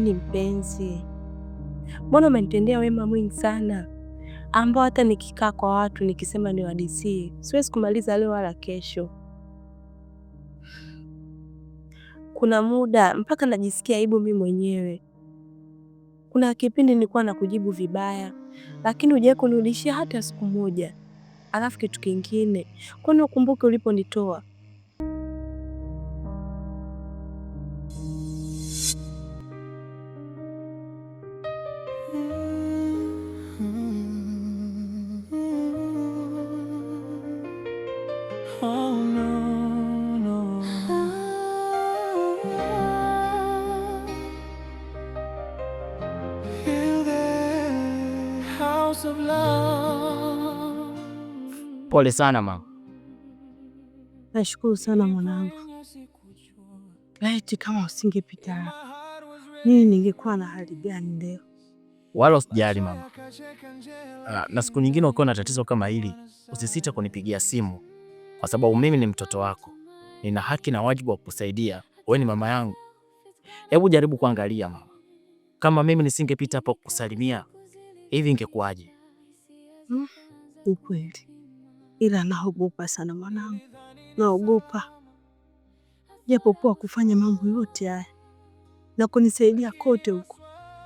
Lakini mpenzi, mbona umenitendea wema mwingi sana, ambao hata nikikaa kwa watu nikisema ni niwadisie siwezi kumaliza leo wala kesho. Kuna muda mpaka najisikia aibu mimi mwenyewe. Kuna kipindi nilikuwa kujibu vibaya, lakini hujawahi kunirudishia hata siku moja. Alafu kitu kingine, kwani ukumbuke uliponitoa Pole sana mama. Nashukuru sana mwanangu, laiti kama usingepita hapa, mimi ningekuwa na hali gani leo? Wala usijali mama, ah, na siku nyingine ukiwa na tatizo kama hili usisita kunipigia simu, kwa sababu mimi ni mtoto wako, nina haki na wajibu wa kukusaidia. Wewe ni mama yangu, hebu jaribu kuangalia mama, kama mimi nisingepita hapa kukusalimia hivi ingekuwaje? Hmm, ukweli ila naogopa sana mwanangu, naogopa japokuwa kufanya mambo yote haya na kunisaidia kote huko,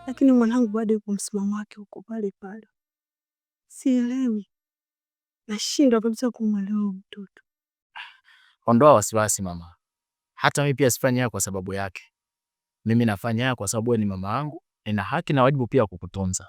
lakini mwanangu bado yuko msimamo wake huko pale pale. Sielewi, nashindwa kabisa kumwelewa mtoto. Ondoa wasiwasi mama, hata mimi pia sifanyi haya kwa sababu yake. Mimi nafanya haya kwa sababu ni mama yangu, nina haki na wajibu pia kukutunza.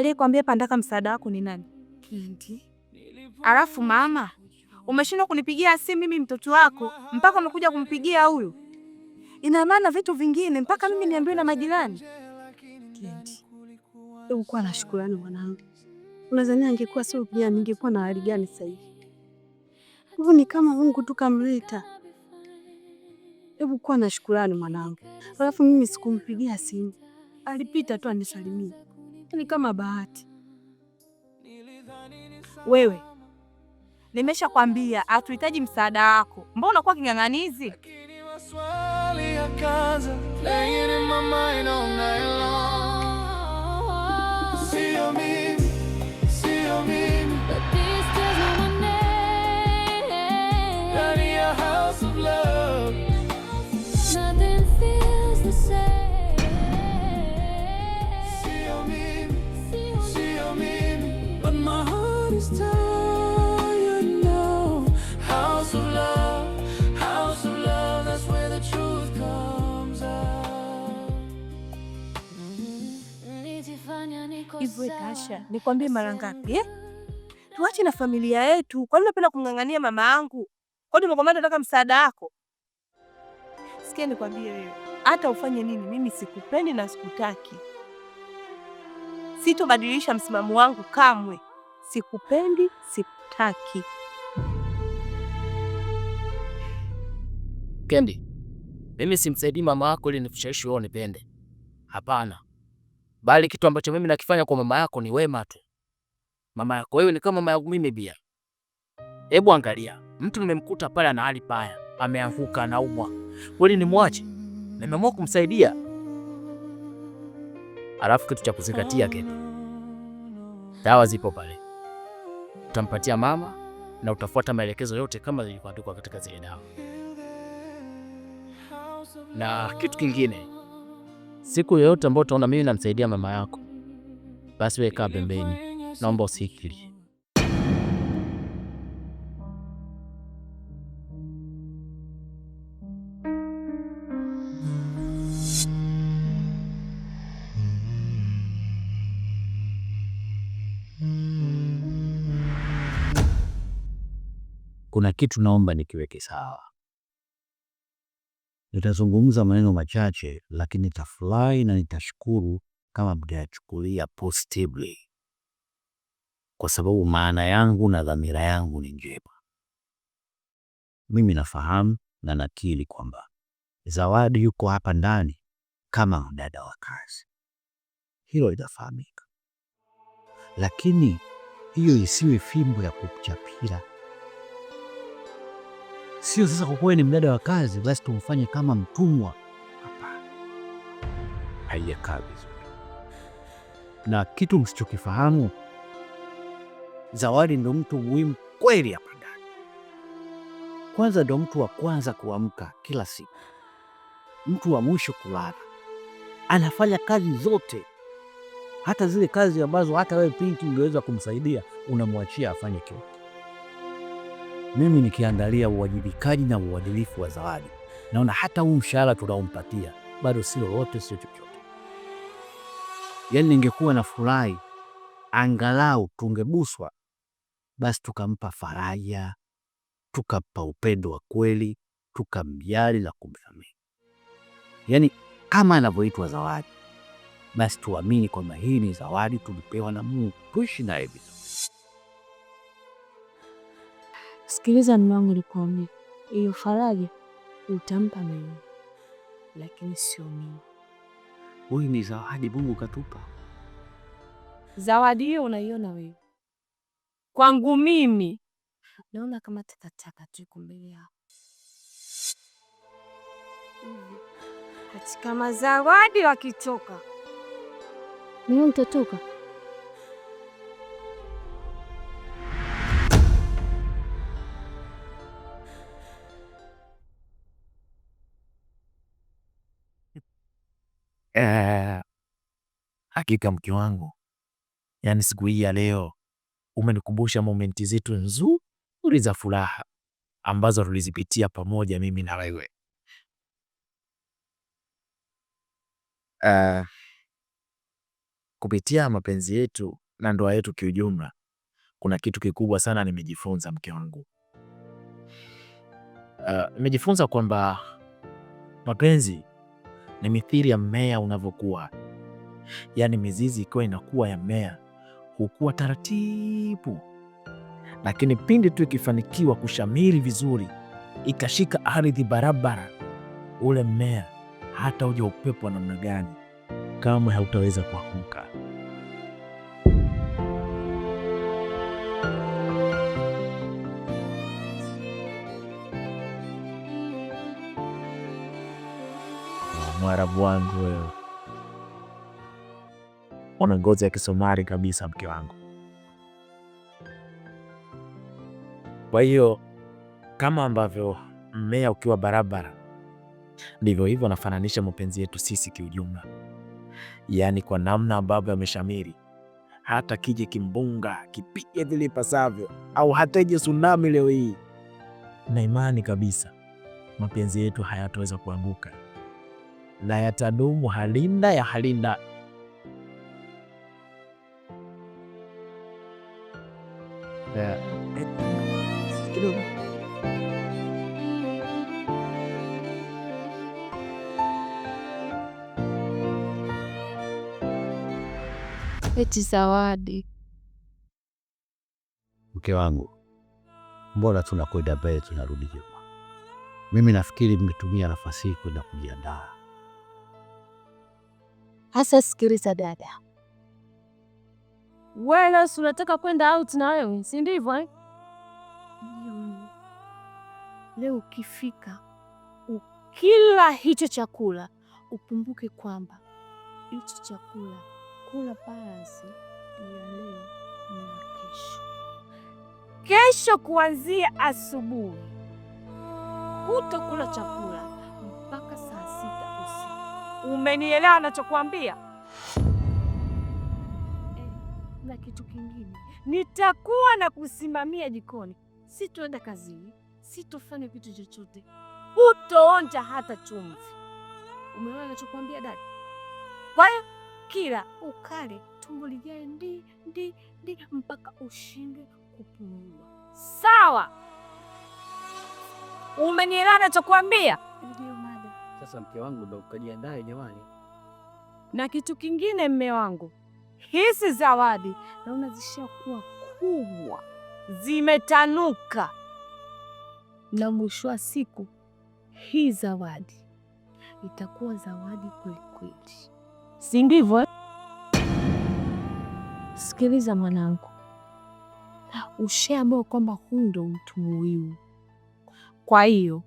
Aliyekwambia Pandaka msaada wako ni nani? Kindi. Alafu mama, umeshindwa kunipigia simu mimi mtoto wako mpaka umekuja kumpigia huyu. Ina maana vitu vingine mpaka mimi niambiwe na majirani. Kindi. Ulikuwa na shukrani mwanangu. Unadhani angekuwa sio pia ningekuwa na hali gani sasa hivi? Hivyo ni kama Mungu tu kamleta. Hebu kuwa na shukrani mwanangu. Alafu mimi sikumpigia simu. Alipita tu anisalimie ni kama bahati. Wewe nimeshakwambia hatuhitaji msaada wako, mbona unakuwa king'ang'anizi? maisha. Nikwambie mara ngapi eh? Tuache na familia yetu. Kwa nini unapenda kumng'ang'ania mama yangu? Kwa nini umekwambia nataka msaada wako? Sikia nikwambie wewe, hata ufanye nini, mimi sikupendi na sikutaki. Sitobadilisha msimamo wangu kamwe. Sikupendi, sikutaki. Kendi, mimi simsaidii mama yako ili nikushawishi wewe unipende. Hapana bali kitu ambacho mimi nakifanya kwa mama yako ni wema tu. Mama yako wewe ni kama mama yangu mimi bia. Hebu angalia, mtu nimemkuta pale ana hali paya, ameanguka na umwa, kweli nimwache? Nimeamua kumsaidia. Alafu kitu cha kuzingatia Kedi, dawa zipo pale, utampatia mama na utafuata maelekezo yote kama zilivyoandikwa katika zile dawa. Na kitu kingine Siku yoyote ambayo utaona mimi namsaidia mama yako, basi wewe kaa pembeni, naomba usikilie. Kuna kitu naomba nikiweke sawa. Nitazungumza maneno machache, lakini nitafurahi na nitashukuru kama mtayachukulia positively, kwa sababu maana yangu na dhamira yangu ni njema. Mimi nafahamu na nakiri kwamba Zawadi yuko hapa ndani kama mdada wa kazi, hilo linafahamika, lakini hiyo isiwe fimbo ya kuchapira Sio sasa kwa kuwa ni mdada wa kazi, basi tumfanye kama mtumwa. Hapana, haijakaa vizuri. Na kitu msichokifahamu, Zawadi ndo mtu muhimu kweli hapa ndani. Kwanza ndo mtu wa kwanza kuamka kila siku, mtu wa mwisho kulala. Anafanya kazi zote, hata zile kazi ambazo hata wewe Pinki ungeweza kumsaidia, unamwachia afanye kile mimi nikiangalia uwajibikaji na uadilifu wa Zawadi, naona hata huu mshahara tunaompatia bado si lolote, sio chochote. Yaani ningekuwa na furahi angalau tungebuswa, basi tukampa faraja, tukampa upendo wa kweli, tukamjali na kumsamehe. Yaani kama anavyoitwa Zawadi, basi tuamini kwamba hii ni zawadi tulipewa na Mungu, tuishi naye vizuri. Sikiliza mume wangu, nikuambia, hiyo faraja utampa mimi, lakini sio mimi. Huyu ni zawadi Mungu katupa. Zawadi hiyo unaiona wewe, kwangu mimi naona kama takataka tu iko mbele yako katika mazawadi wakitoka, mimi nitatoka Eh, hakika mke wangu, yaani siku hii ya leo umenikumbusha momenti zetu nzuri za furaha ambazo tulizipitia pamoja mimi na wewe. Uh, kupitia mapenzi yetu na ndoa yetu kiujumla, kuna kitu kikubwa sana nimejifunza mke wangu. Eh, nimejifunza kwamba mapenzi ni mithili ya mmea unavyokuwa, yaani mizizi ikiwa inakuwa ya mmea hukua taratibu, lakini pindi tu ikifanikiwa kushamiri vizuri, ikashika ardhi barabara, ule mmea hata uja upepo wa namna gani, kamwe hautaweza kuanguka. mwarabu wangu wewe, una ngozi ya kisomari kabisa, mke wangu. Kwa hiyo kama ambavyo mmea ukiwa barabara, ndivyo hivyo nafananisha mapenzi yetu sisi kiujumla, yaani kwa namna ambavyo ameshamiri hata kije kimbunga kipige vile ipasavyo, au hata ije tsunami leo hii, na imani kabisa mapenzi yetu hayataweza kuanguka na yatadumu halinda ya halinda. Eti Zawadi, mke wangu, mbona tunakwenda mbele tunarudi nyuma? Mimi nafikiri mmetumia nafasi hii kwenda kujiandaa Hasa sikiliza dada, wewe si unataka kwenda out na wewe, si ndivyo eh? Leo ukifika ukila hicho chakula ukumbuke kwamba hicho chakula kula balansi ya leo na kesho. Kesho kuanzia asubuhi hutakula chakula Umenielewa anachokuambia? Eh, na kitu kingine, nitakuwa na kusimamia jikoni, sitoenda kazini, sitofanya kitu chochote, hutoonja hata chumvi. Umeona anachokuambia dada? Kwa hiyo kila ukale tumbo lijae ndi ndi ndi mpaka ushinde kupumua. Sawa, umenielewa anachokuambia? Sasa mke wangu, ndo ukajiandae jamani. Na kitu kingine, mme wangu, hizi zawadi naona zishakuwa kubwa, zimetanuka, na mwisho wa siku hii zawadi itakuwa zawadi kwelikweli, si ndivyo? Eh? Sikiliza mwanangu, ushaambiwa kwamba huu ndo mtu muhimu, kwa hiyo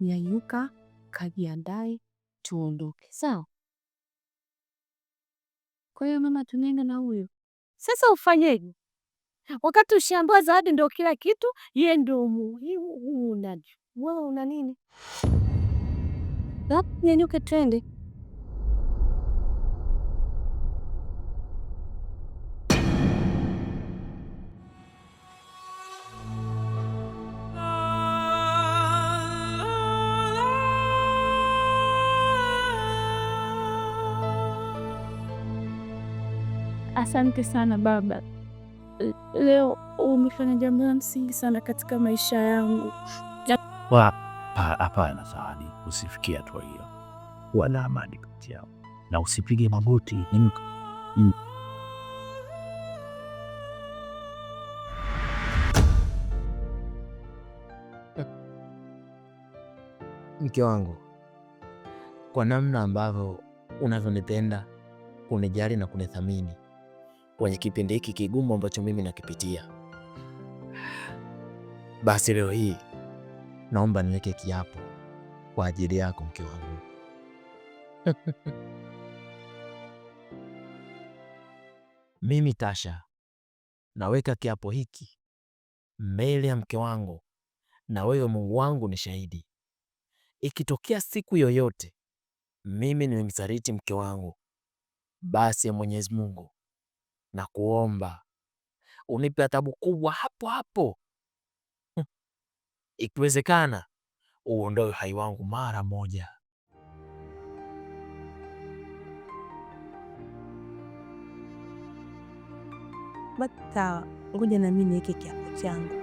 nyanyuka kajiandae tuondoke, sawa? Kwa hiyo mama, tunaenda na huyo sasa. Ufanyeje wakati ushambua zawadi ndio kila kitu, ye ndio muhimu? Huu unaju wewe una nini? Nyanyuke twende. Asante sana baba, leo umefanya jambo la msingi sana katika maisha yangu. Hapana Sahani, usifikie hatua hiyo. Kuwa na amani kati yao na usipige magoti. Mke wangu, kwa namna ambavyo unavyonipenda, kunijali na kunithamini kwenye kipindi hiki kigumu ambacho mimi nakipitia. Basi leo hii naomba niweke kiapo kwa ajili yako mke wangu. Mimi Tasha naweka kiapo hiki mbele ya mke wangu, na wewe Mungu wangu ni shahidi. Ikitokea siku yoyote mimi nimemsaliti mke wangu, basi ya Mwenyezi Mungu na kuomba unipe adhabu kubwa hapo hapo, hm. Ikiwezekana uondoe uhai wangu mara moja. Sawa, ngoja na mimi niweke kiapo changu.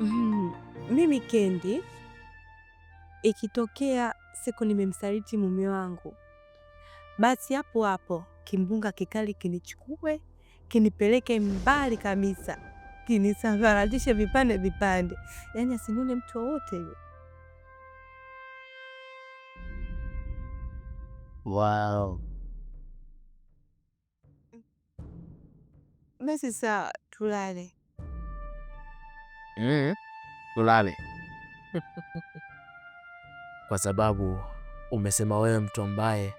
Mm, mimi Kendi, ikitokea siku nimemsaliti mume wangu basi hapo hapo kimbunga kikali kinichukue kinipeleke mbali kabisa, kinisambaratishe vipande vipande, yaani asinione mtu wowote Wow. Basi saa tulale, mm, tulale kwa sababu umesema wewe mtu ambaye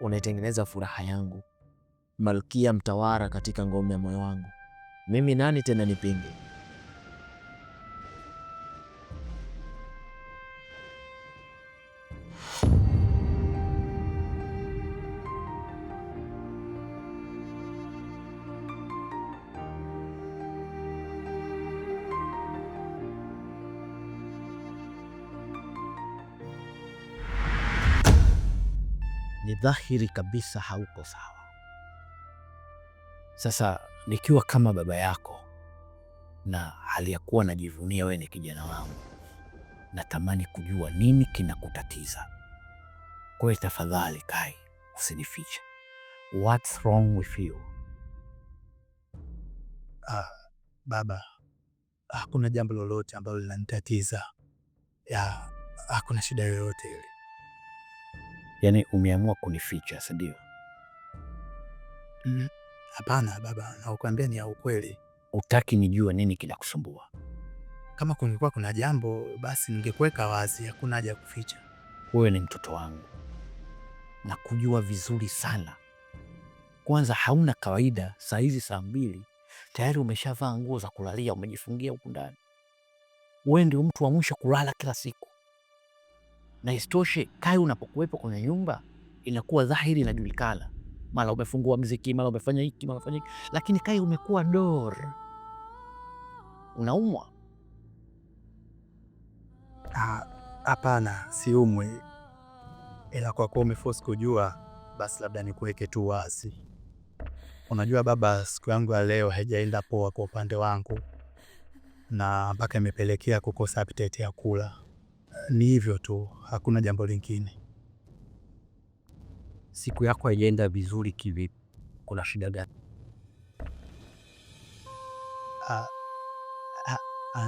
unaitengeneza furaha yangu, malkia mtawara katika ngome ya moyo wangu. Mimi nani tena nipinge? ni dhahiri kabisa hauko sawa. Sasa nikiwa kama baba yako na hali ya kuwa najivunia wewe ni kijana wangu, natamani kujua nini kinakutatiza. Kwa hiyo tafadhali, Kai, usinifiche. What's wrong with you? Ah, baba, hakuna jambo lolote ambalo linanitatiza. Ya, hakuna shida yoyote ile. Yaani umeamua kunificha, si ndio? Mm, hapana mm, baba, nakuambia ni ya ukweli. Utaki nijue nini kinakusumbua? Kama kungekuwa kuna jambo basi ningekuweka wazi, hakuna haja ya kuficha. Wewe ni mtoto wangu na kujua vizuri sana. Kwanza hauna kawaida, saa hizi saa mbili tayari umeshavaa nguo za kulalia, umejifungia huku ndani. Wewe ndio mtu wa mwisho kulala kila siku na isitoshe kai unapokuwepo kwenye nyumba inakuwa dhahiri inajulikana, mara umefungua mziki, mara umefanya hiki, mara umefanya hiki, lakini kai umekuwa dor, unaumwa. Ah, hapana, siumwi, ila kwa kuwa kujua, basi labda nikuweke tu wazi. Unajua baba, siku yangu ya leo haijaenda poa kwa upande wangu, na mpaka imepelekea kukosa appetite ya kula ni hivyo tu, hakuna jambo lingine. Siku yako haijaenda vizuri kivipi? Kuna shida gani?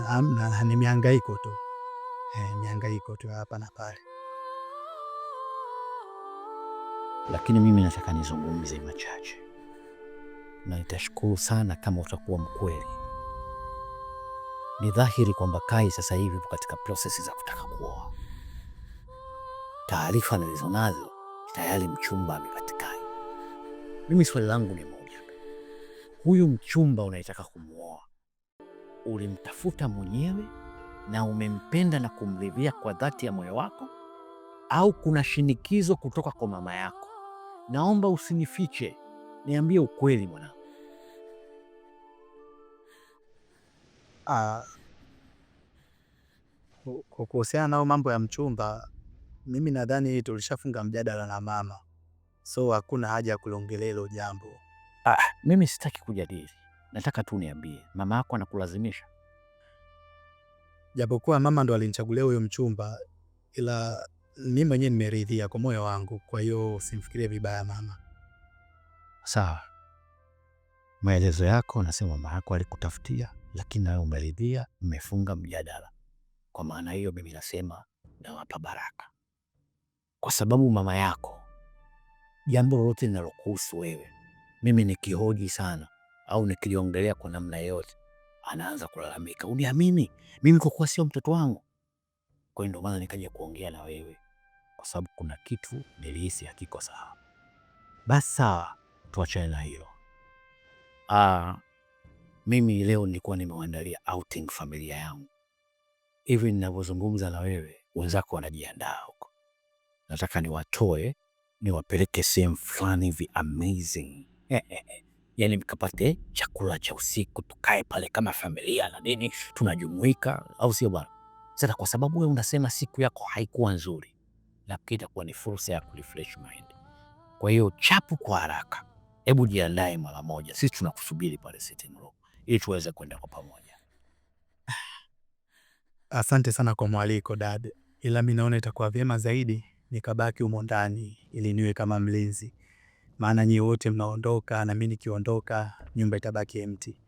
Amna, ah, ah, ah, ni miangaiko tu, eh, miangaiko tu hapa na pale. Lakini mimi nataka nizungumze machache, na nitashukuru sana kama utakuwa mkweli. Ni dhahiri kwamba Kai sasa hivi yupo katika prosesi za kutaka kuoa. Taarifa nazo tayari mchumba amepatikana. Mimi swali langu ni moja, huyu mchumba unayetaka kumwoa ulimtafuta mwenyewe na umempenda na kumridhia kwa dhati ya moyo wako, au kuna shinikizo kutoka kwa mama yako? Naomba usinifiche, niambie ukweli mwanangu. Ah, kwa kuhusiana nao mambo ya mchumba, mimi nadhani tulishafunga mjadala na mama, so hakuna haja ya kulongelea hilo jambo. Ah, ah, mimi sitaki kujadili, nataka tu niambie, mama yako anakulazimisha? Japokuwa mama ndo alinichagulia huyo mchumba, ila mimi mwenyewe nimeridhia kwa moyo wangu, kwa hiyo simfikirie vibaya mama. Sawa, maelezo yako, nasema mama yako alikutafutia lakini nawe umeridhia, mmefunga mjadala. Kwa maana hiyo, mimi nasema nawapa baraka, kwa sababu mama yako, jambo lolote linalokuhusu wewe, mimi nikihoji sana au nikiliongelea kwa namna yoyote, anaanza kulalamika, uniamini mimi kwa kuwa sio mtoto wangu. Kwa hiyo ndio maana nikaja kuongea na wewe, kwa sababu kuna kitu nilihisi hakiko sawa. Basi sawa, tuachane na hilo. Ah, mimi leo nilikuwa nimewaandalia outing familia yangu. Hivi ninavyozungumza na wewe, wenzako wanajiandaa huko. Nataka niwatoe niwapeleke sehemu fulani vi amazing, yaani mkapate chakula cha usiku, tukae pale kama familia na nini, tunajumuika, au sio bwana? Sasa kwa sababu wewe unasema siku yako haikuwa nzuri, lakini itakuwa ni fursa ya kurefresh mind. Kwa hiyo chapu kwa haraka, hebu jiandae mara moja, sisi tunakusubiri pale sitting room ili tuweze kwenda kwa pamoja. Asante sana kwa mwaliko dad, ila mi naona itakuwa vyema zaidi nikabaki humo ndani ili niwe kama mlinzi, maana nyie wote mnaondoka na mi nikiondoka nyumba itabaki empty.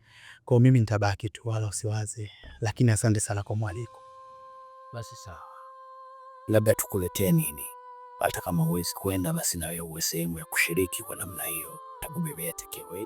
Kwa mimi nitabaki tu, wala usiwaze, lakini asante sana kwa mwaliko. Basi sawa, labda tukuletee nini, hata kama huwezi kwenda, basi na wewe uwe sehemu ya kushiriki kwa namna hiyo, takubebea tekewe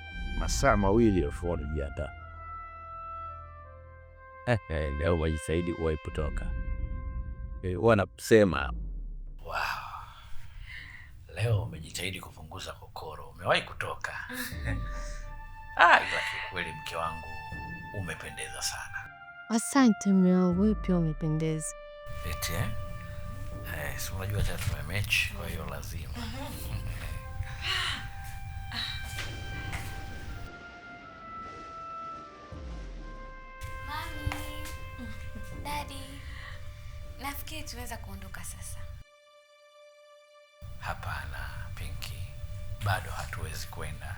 masaa mawili alikuwa anajiandaa. Leo wajisaidi uwai kutoka eh, wanasema wow. Leo umejitahidi kupunguza kokoro, umewahi kutoka ah, kweli mke wangu umependeza sana. Asante wewe pia umependeza. Eti eh? Eh, si unajua tena tumemechi kwa hiyo lazima Dadi, nafikiri tunaweza kuondoka sasa. Hapana Pinki, bado hatuwezi kwenda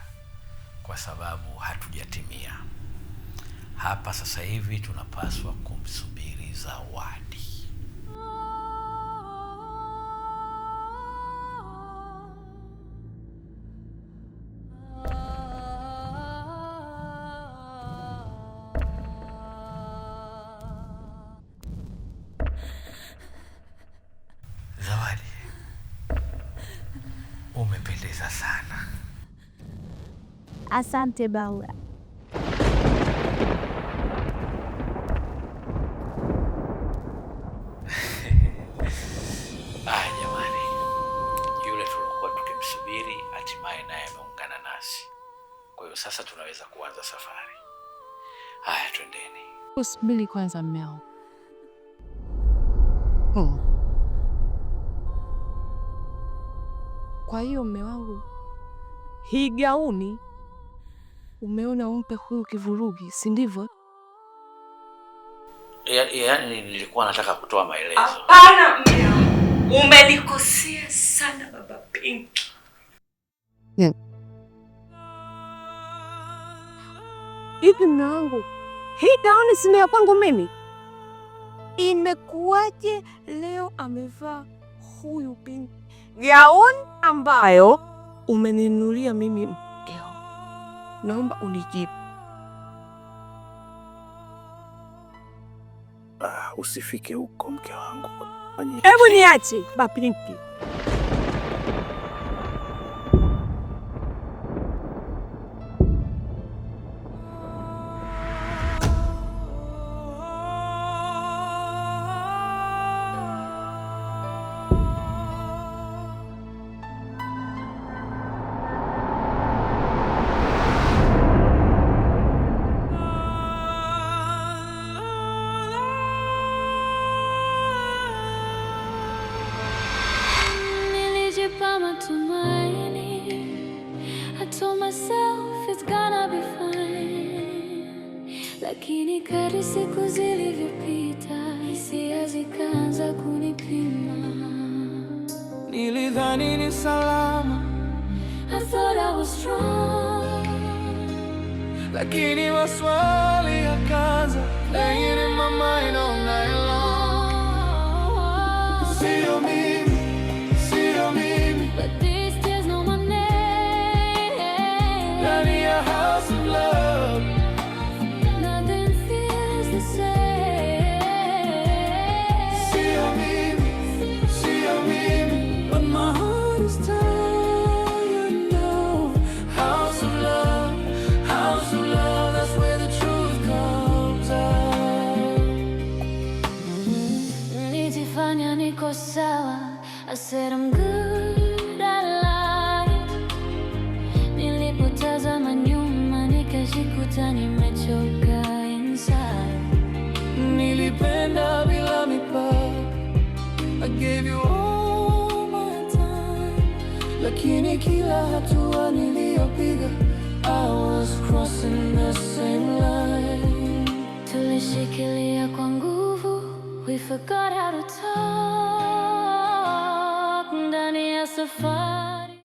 kwa sababu hatujatimia hapa. Sasa hivi tunapaswa kumsubiri Zawadi. Asante Baura. Ah, jamani, yule tulikuwa tukimsubiri hatimaye naye ameungana nasi, kwa hiyo sasa tunaweza kuanza safari. Haya, twendeni. Usubiri kwanza mmeo. Oh. Kwa hiyo mme wangu, hii gauni umeona umpe huyu kivurugi, si ndivyo? Yaani ya, nilikuwa nataka kutoa maelezo. Hapana, umenikosea sana baba Pinki. Yeah. Hivi mume wangu, hii gauni si ya kwangu mimi? Imekuwaje leo amevaa huyu Pinki gauni ambayo umeninunulia mimi? naomba unijibu. Ah, usifike huko mke wangu. Hebu niache Bapinki. lakini kadri siku zilivyopita hisia zikaanza kunipima. Nilidhani ni salama, I thought I was strong, lakini maswali yakaanza, pengine my mind sio mimi